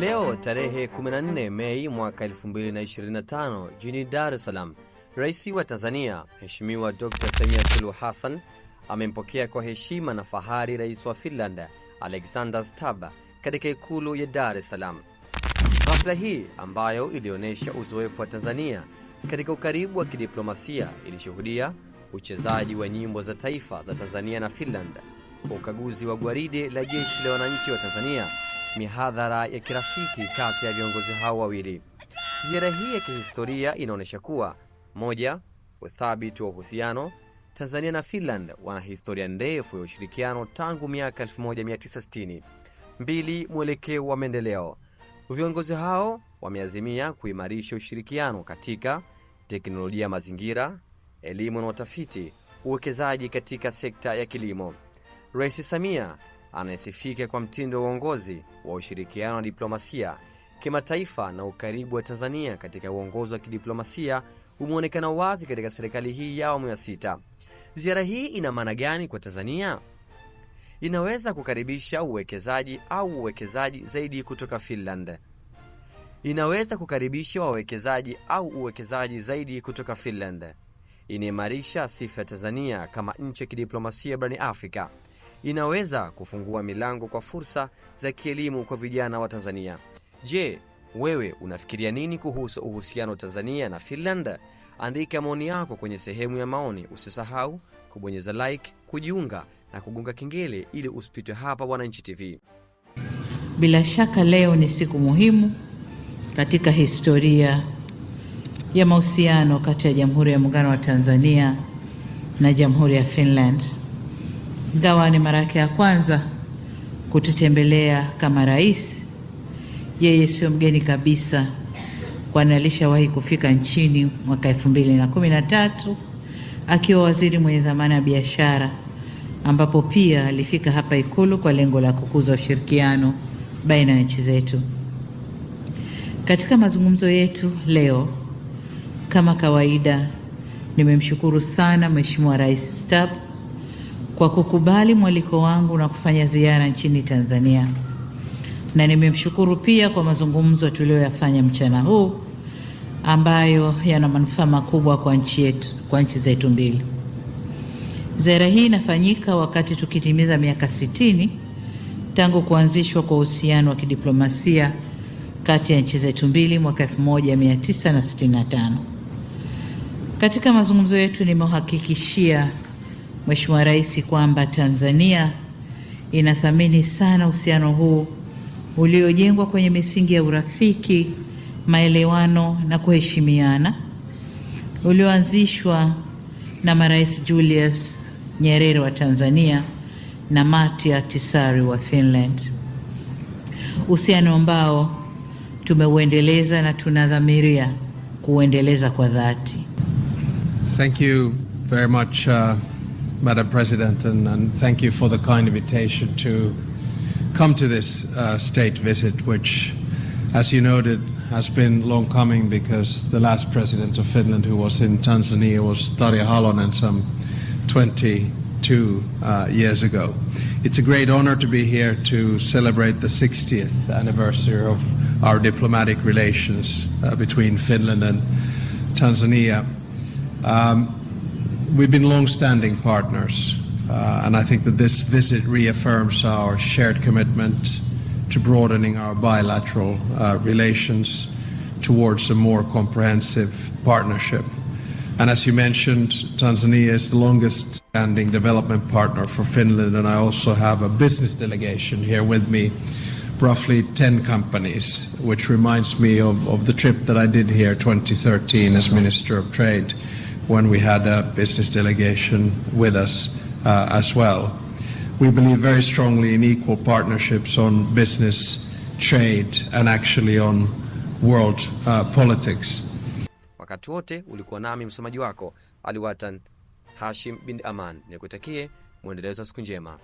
Leo tarehe 14 Mei mwaka 2025, jijini Dar es Salaam, Rais wa Tanzania Mheshimiwa Dr. Samia sulu Hassan amempokea kwa heshima na fahari Rais wa Finland Alexander stab katika ikulu ya Dar es Salaam. Hafla hii ambayo ilionyesha uzoefu wa Tanzania katika ukaribu wa kidiplomasia ilishuhudia uchezaji wa nyimbo za taifa za Tanzania na Finland, ukaguzi wa gwaride la jeshi la wananchi wa Tanzania mihadhara ya kirafiki kati ya viongozi hao wawili. Ziara hii ya kihistoria inaonyesha kuwa moja, uthabiti wa uhusiano. Tanzania na Finland wana historia ndefu ya ushirikiano tangu miaka 1960. Mbili, mwelekeo wa maendeleo. Viongozi hao wameazimia kuimarisha ushirikiano katika teknolojia ya mazingira, elimu na utafiti, uwekezaji katika sekta ya kilimo. Rais Samia anayesifika kwa mtindo wa uongozi wa ushirikiano wa diplomasia kimataifa na ukaribu wa Tanzania katika uongozi wa kidiplomasia umeonekana wazi katika serikali hii ya awamu ya sita. Ziara hii ina maana gani kwa Tanzania? Inaweza kukaribisha uwekezaji au uwekezaji zaidi kutoka Finland. Inaweza kukaribisha wawekezaji au uwekezaji zaidi kutoka Finland. Inaimarisha sifa ya Tanzania kama nchi ya kidiplomasia barani Afrika inaweza kufungua milango kwa fursa za kielimu kwa vijana wa Tanzania. Je, wewe unafikiria nini kuhusu uhusiano wa Tanzania na Finland? Andika maoni yako kwenye sehemu ya maoni. Usisahau kubonyeza like, kujiunga na kugonga kengele ili usipitwe hapa Wananchi TV. Bila shaka leo ni siku muhimu katika historia ya mahusiano kati ya Jamhuri ya Muungano wa Tanzania na Jamhuri ya Finland. Ingawa ni mara yake ya kwanza kututembelea kama rais, yeye sio mgeni kabisa, kwani alishawahi kufika nchini mwaka elfu mbili na kumi na tatu akiwa waziri mwenye dhamana ya biashara, ambapo pia alifika hapa Ikulu kwa lengo la kukuza ushirikiano baina ya nchi zetu. Katika mazungumzo yetu leo, kama kawaida, nimemshukuru sana Mheshimiwa Rais Staafu kwa kukubali mwaliko wangu na kufanya ziara nchini Tanzania, na nimemshukuru pia kwa mazungumzo tuliyoyafanya mchana huu ambayo yana manufaa makubwa kwa nchi yetu, kwa nchi zetu mbili. Ziara hii inafanyika wakati tukitimiza miaka sitini tangu kuanzishwa kwa uhusiano wa kidiplomasia kati ya nchi zetu mbili mwaka 1965. Katika mazungumzo yetu nimehakikishia Mheshimiwa Rais kwamba Tanzania inathamini sana uhusiano huu uliojengwa kwenye misingi ya urafiki, maelewano na kuheshimiana ulioanzishwa na marais Julius Nyerere wa Tanzania na Matti Ahtisaari wa Finland, uhusiano ambao tumeuendeleza na tunadhamiria kuuendeleza kwa dhati. Thank you very much, uh... Madam President, and, and, thank you for the kind invitation to come to this uh, state visit, which, as you noted, has been long coming because the last president of Finland who was in Tanzania was Tarja Halonen some 22 uh, years ago. It's a great honor to be here to celebrate the 60th anniversary of our diplomatic relations uh, between Finland and Tanzania. Um, We've been long-standing partners, uh, and I think that this visit reaffirms our shared commitment to broadening our bilateral uh, relations towards a more comprehensive partnership. And As you mentioned, Tanzania is the longest-standing development partner for Finland, and I also have a business delegation here with me, roughly 10 companies, which reminds me of the trip that I did here 2013 as Minister of Trade when we had a business delegation with us uh, as well. We believe very strongly in equal partnerships on business, trade and actually on world uh, politics. Wakati wote ulikuwa nami msomaji wako Aliwatan Hashim bin Aman, nikutakie mwendelezo wa siku njema.